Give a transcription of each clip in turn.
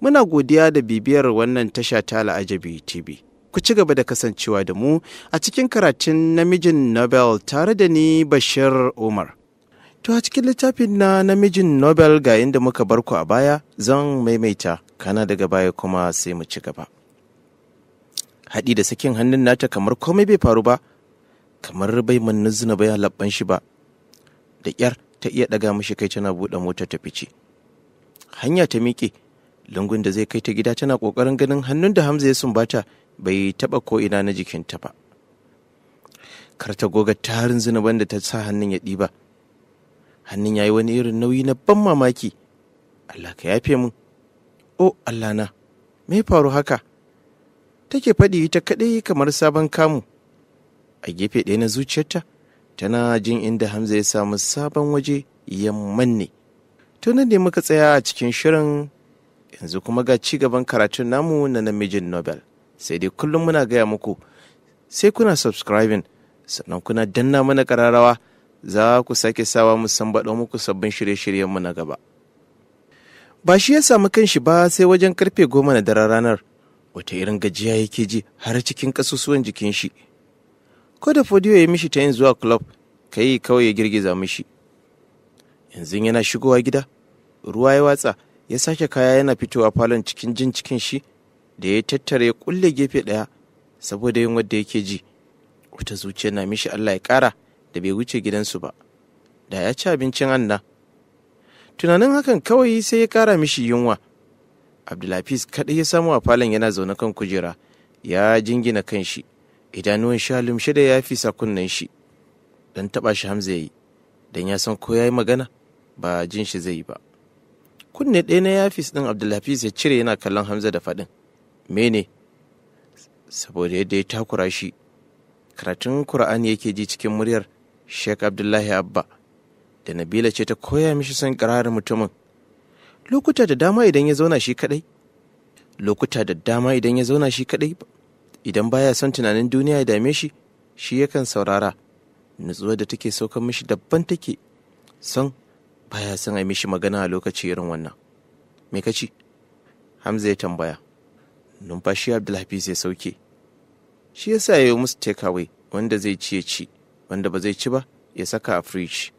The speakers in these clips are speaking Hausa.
Muna godiya da bibiyar wannan tasha ta Al'ajabi TV. Ku ci gaba da kasancewa da mu a cikin karatun namijin Nobel tare da ni Bashir Umar. To a cikin littafin na namijin Nobel ga inda muka bar ku a baya zan maimaita kana daga baya kuma sai mu ci gaba. Haɗi da sakin hannun nata kamar komai bai faru ba, kamar bai manna zina bai labban shi ba. Da ƙyar ta iya ɗaga mashi kai tana buɗe mota ta fice. Hanya ta miƙe. lungun da zai kai ta gida tana kokarin ganin hannun da hamza ya sumbata bai taɓa ina na jikinta ba kar ta goga tarin zinuban da ta sa hannun ya ɗiba hannun ya yi wani irin nauyi na ban mamaki allah ka yafe mun o allah na me faru haka take faɗi ita kaɗai kamar sabon kamu a gefe ɗaya na zuciyarta tana jin inda hamza ya samu sabon waje yamman ne tunan ne muka tsaya a cikin shirin yanzu kuma ga ci gaban karatun namu na namijin Nobel. Sai dai kullum muna gaya muku, sai kuna subscribing, sannan kuna danna mana kararrawa za ku sake sawa mu sambaɗo muku sabbin shirye-shiryenmu na gaba. Ba shi ya samu kanshi ba sai wajen karfe goma na daren ranar, wata irin gajiya yake ji har cikin ƙasusuwan jikin shi. Ko da fodiyo ya mishi ta yin zuwa club, kai kawai ya girgiza mishi. Yanzu yana shigowa gida, ruwa ya watsa, ya sake kaya yana fito a falon cikin jin cikin shi da ya tattare ya kulle gefe ɗaya saboda yin wadda yake ji wata zuciya na mishi Allah ya kara da bai wuce gidansu ba da ya ci abincin anna tunanin hakan kawai sai ya kara mishi yunwa abdulhafiz kaɗai ya samu a falon yana zaune kan kujera ya jingina kan shi idanuwan sha lumshe da ya fi sakunnan shi dan taɓa shi hamza ya yi don ya san ko ya yi magana ba jin shi zai yi ba kunne ɗaya na yafis ɗin abdulhafiz ya cire yana kallon hamza da faɗin mene saboda yadda ya takura shi karatun kur'ani yake ji cikin muryar sheik abdullahi abba da nabila ce ta koya mishi son ƙirarin mutumin lokuta da dama idan ya zauna shi kaɗai lokuta da dama idan ya zauna shi kaɗai idan baya son tunanin duniya ya dame shi shi yakan saurara nutsuwa da take saukan mishi dabban take son baya son a mishi magana a lokaci irin wannan me ka ci hamza ya tambaya numfashi abdulhafiz ya sauke shi yasa ya yi musu takeaway wanda zai ci ya ci wanda ba zai ci ba ya saka a fridge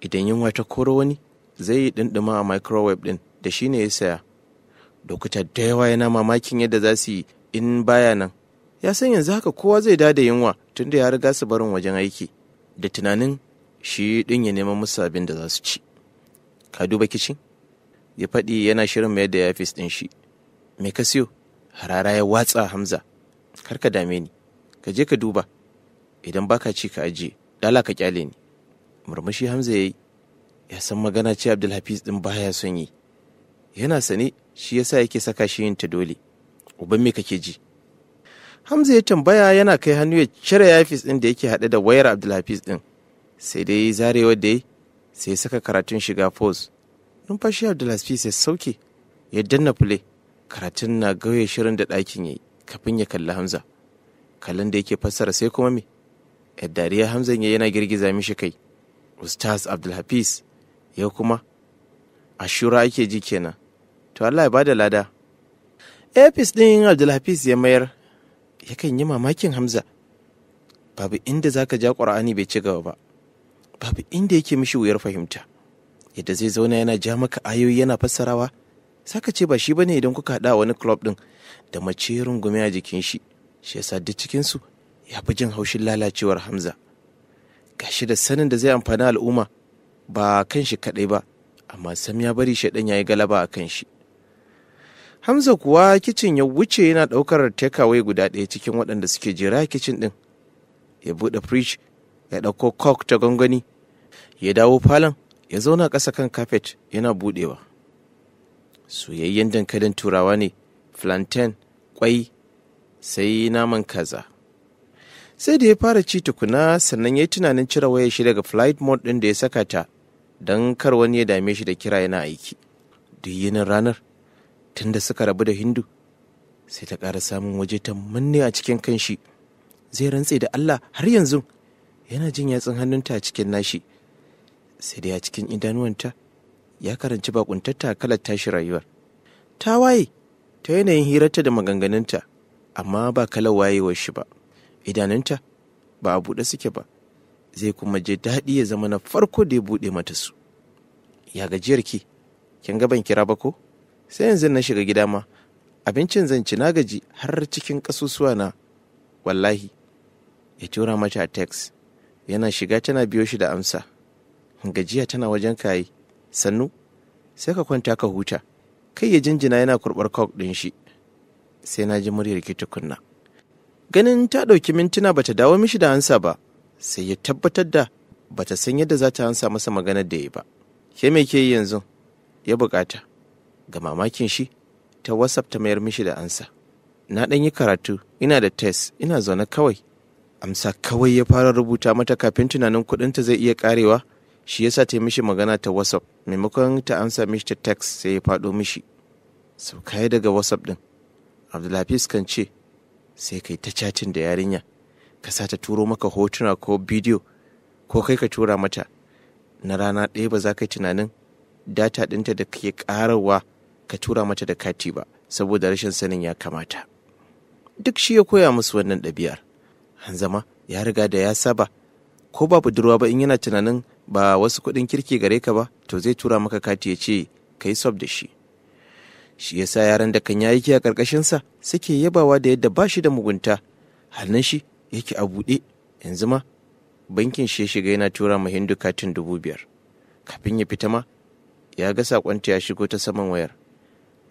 idan yunwa ta koro wani zai yi ɗinɗima a microwave ɗin, da shi ne ya saya lokuta da yawa yana mamakin yadda za su yi in baya nan ya san yanzu haka kowa zai da yunwa tunda ya riga su barin wajen aiki da tunanin shi ɗin ya neman musu abin da za su ci ka duba kicin ya faɗi yana shirin mayar da yafis ɗin shi me ka siyo harara ya watsa hamza kar ka dame ni ka je ka duba idan baka ci ka ajiye dala ka kyale ni murmushi hamza ya yi ya san magana ce abdulhafiz ɗin baya son yi yana sane shi yasa yake saka shi yin ta dole uban me kake ji hamza ya tambaya yana kai hannu ya cire yafis ɗin da yake haɗe da wayar abdulhafiz ɗin sai dai zarewar da sai saka karatun shiga fos numfashi abdullahi sai sauke ya danna fule karatun na gauye shirin da ɗakin yayi kafin ya kalli hamza kallon da yake fassara sai kuma me dariya hamzan ya yana girgiza mishi kai ustaz abdulhafiz yau kuma ashura ake ji kenan to allah ya bada lada apis din abdulhafiz ya mayar yakan yi mamakin hamza babu inda zaka ja ƙur'ani bai ci gaba ba babu inda yake mishi wuyar fahimta yadda zai zauna yana ja maka ayoyi yana fassarawa saka ce ba shi ba ne idan kuka haɗa wani club ɗin da mace rungume a jikin shi shi yasa duk cikinsu ya fi jin haushin lalacewar hamza gashi da sanin da zai amfani al'umma ba kan shi kaɗai ba amma sam ya bari shaɗan ya yi galaba a kan shi hamza kuwa kicin ya wuce yana ɗaukar takeaway guda ɗaya cikin waɗanda suke jira kicin ɗin ya buɗe fridge ya ɗauko cock ta gwangwani ya dawo falon ya zauna ƙasa kan kafet yana buɗewa soyayyen dankalin turawa ne plantain ƙwai sai naman kaza sai da ya fara ci tukuna sannan ya yi tunanin cire wayar shi daga flight mode ɗin da ya saka ta don kar wani ya dame shi da kira yana aiki duk yinin ranar tun da suka rabu da hindu sai ta ƙara samun waje ta manne a cikin kanshi zai rantse da allah har yanzu yana jin yatsun hannunta a cikin nashi sai dai a cikin idanuwanta ya karanci bakuntatta kalar tashi rayuwar ta waye ta yanayin hirarta da maganganunta amma ba kalar wayewar shi ba idanunta ba a buɗe suke ba zai kuma je daɗi ya zama na farko da ya buɗe mata su ya gajiyar ki kin ga ban kira ba ko sai yanzu na shiga gida ma abincin zan ci na gaji har cikin ƙasusuwa na wallahi ya tura mata a text yana shiga tana biyo shi da amsa gajiya tana wajen kayi sannu sai ka kwanta ka huta kai ya jinjina yana kurɓar kok ɗin shi sai na ji muryar ki tukunna ganin ta ɗauki mintuna bata dawo mishi da ansa ba sai ya tabbatar da bata san yadda za ta ansa masa magana da ya ba ke me ke yi yanzu ya bukata ga mamakin shi ta whatsapp ta mayar mishi da ansa na ɗan yi karatu ina da test ina zaune kawai amsa kawai ya fara rubuta mata kafin tunanin kuɗinta zai iya karewa shi yasa ta yi mishi magana ta whatsapp maimakon ta ansa mishi ta text sai ya faɗo mishi sau kai daga whatsapp ɗin abdulhafiz kan ce sai kai ta chatin da yarinya ka sa ta turo maka hotuna ko bidiyo ko kai ka tura mata na rana ɗaya ba za ka yi tunanin data ɗinta da ke ƙararwa ka tura mata da kati ba saboda rashin sanin ya kamata duk shi ya koya musu wannan ɗabi'ar hanzama ya riga da ya saba ko ba budurwa ba in yana tunanin ba wasu kuɗin kirki gare ka ba to zai tura maka kati ya ce ka yi da shi shi ya sa yaran da kan yayi a ƙarƙashinsa suke yabawa da yadda ba shi da mugunta hannun shi yake a buɗe yanzu ma bankin shi shiga yana tura ma hindu katin dubu biyar kafin ya fita ma ya ga sakonta ya shigo ta saman wayar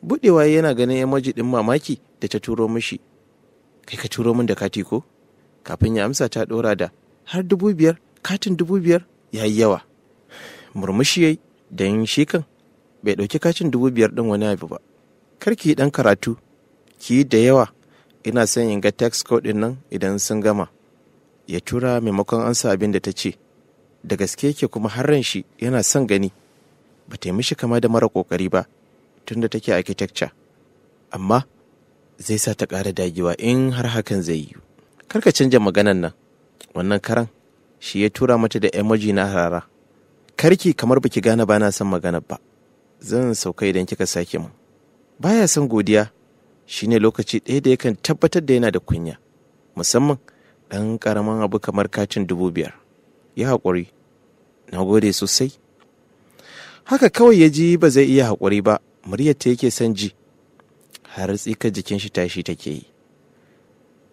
buɗewa yana ganin maji ɗin mamaki da ta turo mishi kai ka turo min da kati ko kafin ya amsa ta ɗora da har dubu biyar katin dubu biyar ya yi yawa murmushi da don shi kan bai ɗauki kacin dubu biyar ɗin wani abu ba kar ki yi ɗan karatu ki yi da yawa ina son in ga tax code nan idan sun gama ya tura maimakon ansa abin da ta ce da gaske yake kuma har ran shi yana son gani ba ta yi mishi kama da mara kokari ba tunda take architecture amma zai sa ta ƙara dagewa in har hakan zai yi ka canja maganan nan wannan karan shi ya tura mata da emoji na harara karki kamar baki gane bana na son magana ba zan sauka idan kika sake mu baya son godiya shi ne lokaci ɗaya da yakan tabbatar da yana da kunya musamman ɗan ƙaramin abu kamar katin dubu biyar ya haƙuri na gode sosai haka kawai ya ji ba zai iya haƙuri ba muryar ta yake son ji har tsika jikin shi tashi take yi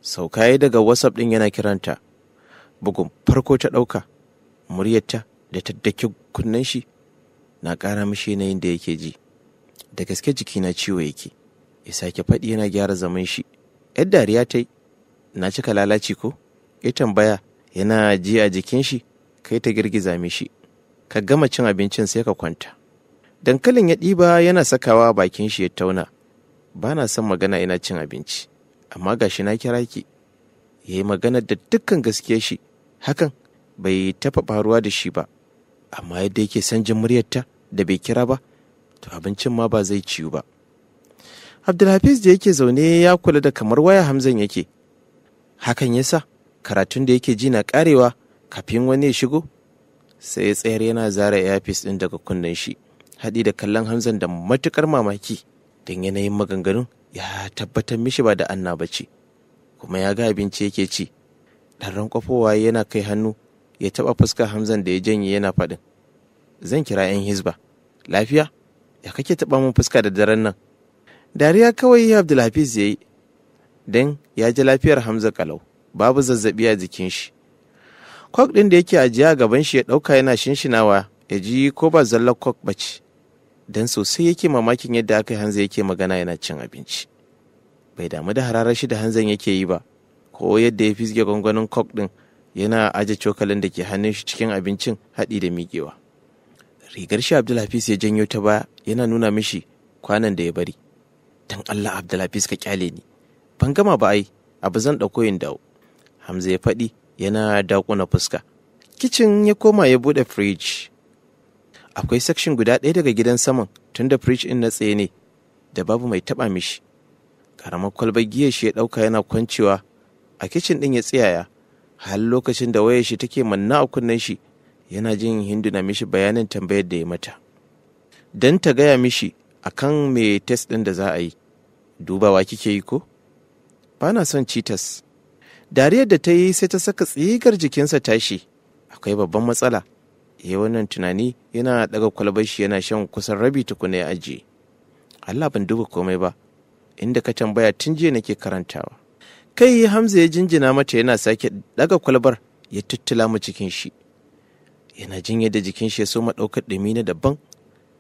sauka daga whatsapp ɗin yana kiranta bugun farko ta ɗauka muryarta da ta daki kunnen shi na ƙara mishi yanayin da yake ji da gaske jiki na ciwo yake ya sake faɗi yana gyara zaman shi yar dariya ta yi na cika lalaci ko ya tambaya yana ji a jikin shi kai ta girgiza mishi ka gama cin abincin sai ka kwanta dankalin ya ɗiba yana sakawa bakin shi ya tauna ba na son magana ina cin abinci amma gashi na kira ki ya yi maganar da dukkan gaske shi hakan bai taɓa faruwa da shi ba amma yadda yake san jin muryarta da bai kira ba to abincin ma ba zai ciyu ba abdulhafiz da yake zaune ya kula da kamar waya hamzan yake hakan yasa karatun da yake ji na karewa kafin wani ya shigo sai ya tsayar yana zara yafis ɗin daga kunnen shi haɗi da kallon hamzan da matuƙar mamaki don yanayin maganganun ya tabbatar mishi ba da anna kuma ya ga abinci yake ci ɗarren kwafowa yana kai hannu ya taɓa fuskar hamzan da ya janye yana faɗin zan kira 'yan hizba lafiya ya kake taɓa min fuska da daren nan dariya kawai ya abdulhafiz ya yi don ya ji lafiyar hamza kalau babu zazzaɓi a jikin shi kok ɗin da yake ajiya a gaban shi ya ɗauka yana shinshinawa ya ji ko ba zallar kok ba ce don sosai yake mamakin yadda aka yi hanza yake magana yana cin abinci bai damu da hararar shi da hanzan yake yi ba ko yadda ya fizge gwangwanin kok din, yana aje cokalin da ke hannun shi cikin abincin haɗi da miƙewa rigar shi abdulhafiz ya janyo ta baya yana nuna mishi kwanan da ya bari dan allah abdulhafiz ka kyale ni ban gama ba ai abu zan ɗauko yin dawo hamza ya faɗi yana dakuna fuska kicin ya koma ya buɗe firij akwai section guda ɗaya daga gidan saman tunda firij in na tsaye ne da babu mai taɓa mishi karamar kwalbar giyar shi ya ɗauka yana kwancewa a kicin ɗin ya tsayaya, har lokacin da wayar shi take manna a kunnen shi yana jin hindu na mishi bayanin tambayar da ya mata don ta gaya mishi a kan me test ɗin da za a yi dubawa kike yi ko ba na son citas dariyar da ta yi sai ta saka tsigar jikinsa tashi akwai babban matsala ya wannan tunani yana daga kwalabar shi yana shan kusan rabi tukuna ya ajiye Allah ban duba komai ba inda ka tambaya tun jiya nake karantawa kai hamza ya jinjina mata yana sake daga kwalbar ya tuttula mu cikin shi yana jin yadda jikin shi ya so ɗaukar ɗumi na daban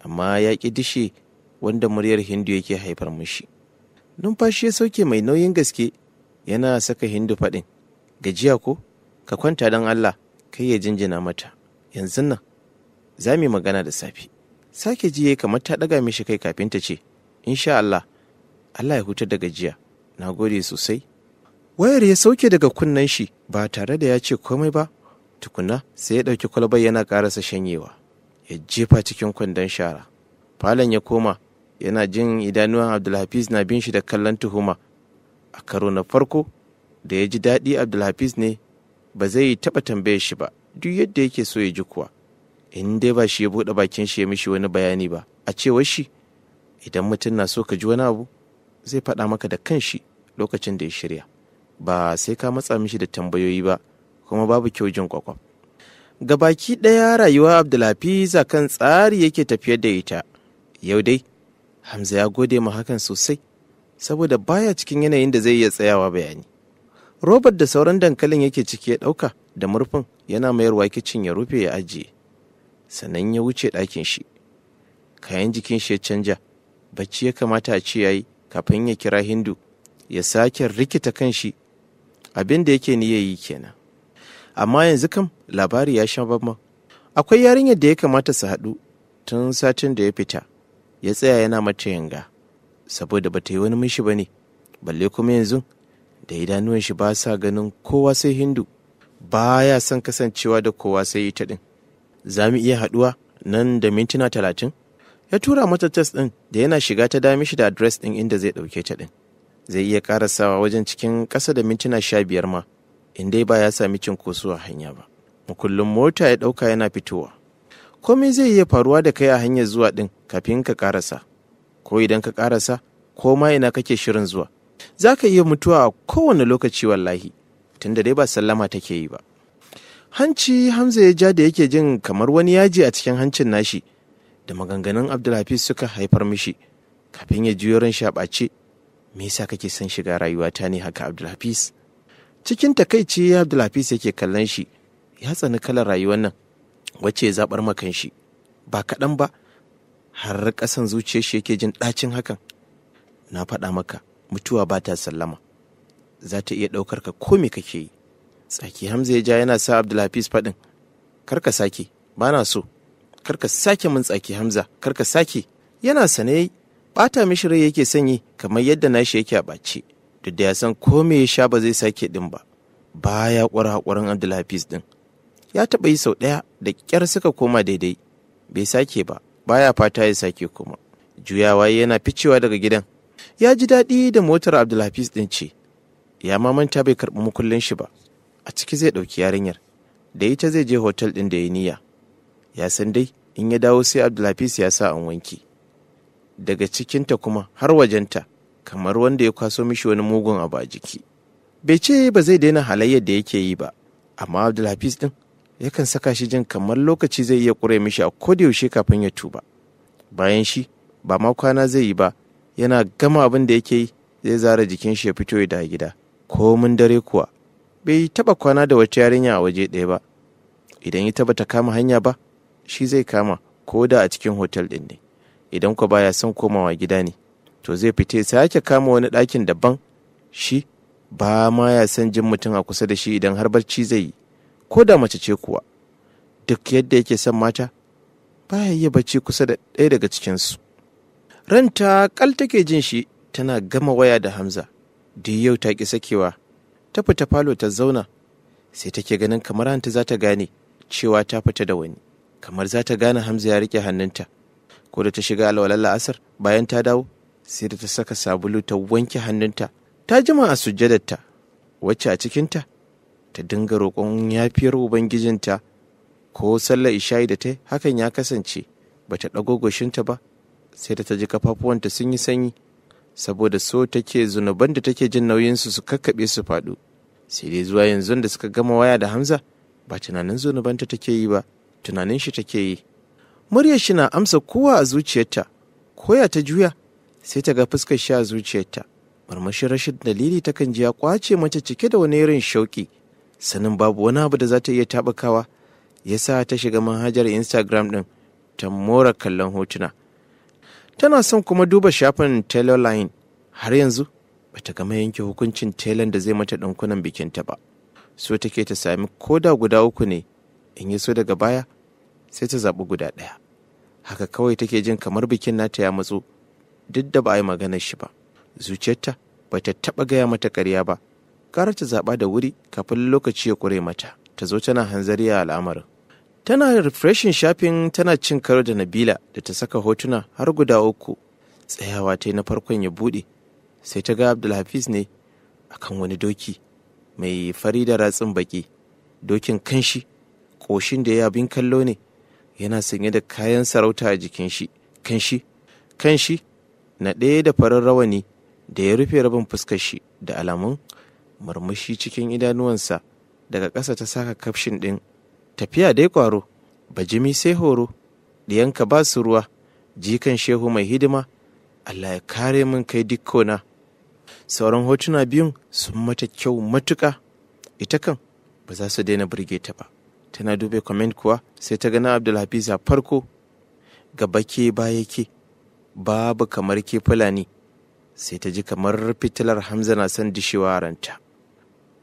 amma ya ƙi dishe wanda muryar hindu yake haifar mushi numfashi ya sauke mai nauyin gaske yana saka hindu faɗin gajiya ko ka kwanta don allah kai ya jinjina mata yanzu nan za mu magana da safe sake ji ya kamar ta ɗaga mishi kai kafin ta ce insha allah allah ya hutar da gajiya na gode sosai wayar ya sauke daga kunnen shi ba tare da ya ce komai ba tukuna sai ya ɗauki kwalbar yana ƙarasa shanyewa ya jefa cikin kwandon shara falon ya koma yana jin idanuwan abdulhafiz na bin shi da kallon tuhuma a karo na farko da ya ji daɗi abdulhafiz ne ba zai yi taɓa tambayar shi ba duk yadda yake so ya ji kuwa in dai ba shi ya buɗe bakin shi ya mishi wani bayani ba a cewar shi idan mutum na so ka ji wani abu zai faɗa maka da kanshi lokacin da ya shirya ba sai ka matsa mishi da tambayoyi ba kuma babu kyau jin kwakwaf baki ɗaya rayuwa abdulhafiza kan tsari yake tafiyar da ita yau dai hamza ya gode ma hakan sosai saboda baya cikin yanayin da zai iya tsayawa bayani robert da sauran dankalin yake ciki ya ɗauka da murfin yana mayarwa kicin ya rufe ya ajiye sannan ya wuce ɗakin shi kayan jikin shi ya canja bacci ya kamata a ce yayi kafin ya kira hindu ya sake rikita kanshi abin da yake niyya yi kenan amma yanzu kam labari ya sha babban akwai yarinyar da ya kamata su haɗu tun satin da ya fita ya tsaya yana mata yanga saboda bata yi wani mishi ba ne balle kuma yanzu da idanuwan shi ba sa ganin kowa sai hindu ba ya son kasancewa da kowa sai ita ɗin za mu iya haɗuwa nan da mintuna talatin ya tura mata test ɗin da yana shiga ta dami shi da adres ɗin inda zai ɗauke ta ɗin zai iya karasawa wajen cikin ƙasa da mintuna sha biyar ma in dai ba ya sami cinkoso a hanya ba mukullin mota ya ɗauka yana fitowa komai zai iya faruwa da kai a hanyar zuwa ɗin kafin ka karasa ko idan ka karasa ko ma ina kake shirin zuwa za ka iya mutuwa a kowane lokaci wallahi tunda dai ba sallama take yi ba hanci hamza ya ja da yake jin kamar wani yaji a cikin hancin nashi da maganganun abdulhafiz suka haifar mishi kafin ya juyo ran shaɓace me yasa kake son shiga rayuwata ne haka abdulhafiz cikin takaici abdulhafiz yake kallon shi ya tsani kalar rayuwar nan wacce ya zabar makan shi ba kaɗan ba har ƙasan zuciyar shi yake jin ɗacin hakan na faɗa maka mutuwa ba ta sallama za ta iya ɗaukar ka ko me kake yi tsaki hamza ya ja yana sa abdulhafiz faɗin karka sake ba na so karka sake min tsaki hamza karka sake yana sane bata mishi rai yake sanyi kamar yadda nashi yake a ɓace duk da ya san ko me ya sha ba zai sake ɗin ba baya ƙura haƙurin abdulhafiz ɗin ya taɓa yi sau ɗaya da ƙyar suka koma daidai bai sake ba baya fata ya sake kuma. juyawa yana ficewa daga gidan ya ji daɗi da motar abdulhafiz ɗin ce ya mamanta bai karɓi mukullin shi ba a ciki zai ɗauki yarinyar da ita zai je hotel ɗin da ya niya. ya san dai in ya dawo sai abdulhafiz ya sa an wanki daga cikinta kuma har wajenta kamar wanda ya kwaso mishi wani mugun abu a jiki bai ce ba zai daina halayyar da yake yi ba amma abdulhafiz din yakan saka shi jin kamar lokaci zai iya ƙure mishi a kodayaushe kafin ya tuba bayan shi ba ma kwana zai yi ba yana gama abin da yake yi zai zara jikin shi ya fito ya dawo gida komin dare kuwa bai taɓa kwana da wata yarinya a waje ɗaya ba idan ya taba ta kama hanya ba shi zai kama ko da a cikin hotel ɗin ne idan ku baya son komawa gida ne to zai fita sake kama wani ɗakin daban shi ba ma ya san jin mutum a kusa da shi idan har barci zai yi ko da mace ce kuwa duk yadda yake son mata ba ya yi barci kusa da ɗaya daga cikinsu ranta kal take jin shi tana gama waya da hamza da yau ta ki sakewa ta fita falo ta zauna sai take ganin kamar hanta za ta gane cewa ta fita da wani kamar za ta gane hamza ya rike hannunta ko da ta shiga alwalar la'asar bayan ta dawo sai da ta saka sabulu ta wanke hannunta ta jima a sujjadarta wacce a cikinta ta dinga roƙon yafiyar ubangijinta ko sallar isha'i da ta hakan ya kasance ba ta ɗago goshinta ba sai da ta ji kafafuwanta sun yi sanyi saboda so take zunuban da take jin nauyinsu su kakkaɓe su faɗo sai dai zuwa yanzu da suka gama waya da hamza ba tunanin zunubanta take yi ba tunanin shi take yi muryar shi na amsa kowa a zuciyarta koya ta juya sai ta ga fuskar shi a zuciyarta marmashin rashin dalili ta kan ji ya kwace mace cike da wani irin shauki sanin babu wani abu da za ta iya taɓakawa ya sa ta shiga manhajar instagram ɗin ta mora kallon hotuna tana son kuma duba shafin taylor line har yanzu bata gama yanke hukuncin telan da zai mata bikin bikinta ba so take ta sami koda guda uku ne in yi so daga baya sai ta zaɓi guda ɗaya haka kawai take jin kamar bikin nata ya matsu duk da ba a yi maganar shi ba zuciyarta ba ta taɓa gaya mata ƙarya ba ƙara ta zaɓa da wuri kafin lokaci ya ƙure mata ta zo tana hanzari a al'amarin tana refreshing shafin tana cin karo da nabila da ta saka hotuna har guda uku tsayawa ta yi na farkon ya buɗe sai ta ga abdulhafiz ne akan wani doki mai fari da ratsin baƙi. dokin kanshi ƙoshin da ya abin kallo ne yana sanye da kayan sarauta a jikin shi kanshi kanshi na ɗaya da farar rawani da ya rufe rabin fuskar shi da alamun murmushi cikin idanuwansa daga ƙasa ta saka kafshin ɗin tafiya dai kwaro bajimi sai horo ɗiyanka ba su ruwa jikan shehu mai hidima allah ya kare min kai dikkona sauran hotuna biyun sun mata kyau matuƙa ita kan ba za su daina burge ta ba tana dube comment kuwa sai ta gana abdulhafiz a farko gaba ke baya ke babu kamar ke fulani sai ta ji kamar fitilar hamza na son dishewa ranta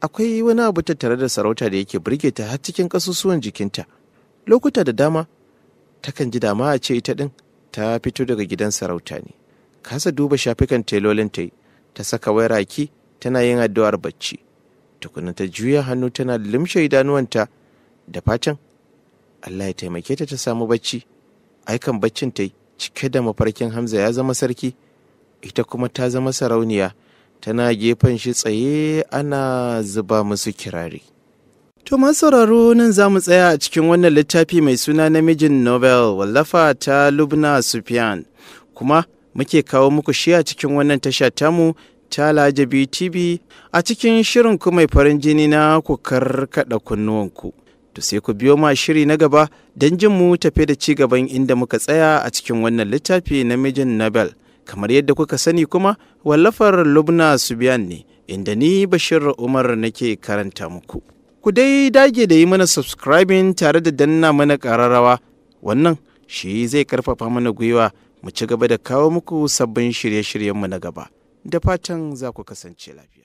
akwai wani abu ta tare da sarauta da yake burge ta har cikin kasusuwan jikinta lokuta da dama takan ji dama a ce ita ɗin ta fito daga gidan sarauta ne kasa duba shafikan telolin ta yi ta saka wai raki tana yin addu'ar bacci tukuna ta juya hannu tana limshe idanuwanta da fatan Allah ya taimake ta ta samu bacci aikan baccin ta cike da mafarkin Hamza ya zama sarki ita kuma ta zama sarauniya tana gefen shi tsaye ana zuba musu kirari. To sauraro nan za mu tsaya a cikin wannan littafi mai suna namijin Nobel wallafa ta Lubna Sufyan kuma muke kawo muku shi a cikin wannan tasha tamu ta Lajabi TV a cikin shirin ku mai farin jini na ku karkada kunnuwanku. to sai ku biyo ma shiri na gaba don jin mu tafe da ci gaban inda muka tsaya a cikin wannan littafi na mijin Nobel. Kamar yadda kuka sani kuma wallafar Lubna Subiyan ne inda ni Bashir Umar nake karanta muku. Ku dai dage da yi mana subscribing tare da danna mana ƙararrawa wannan shi zai karfafa mana gwiwa mu ci gaba da kawo muku sabbin shirye-shiryenmu na gaba. Da fatan za ku kasance lafiya.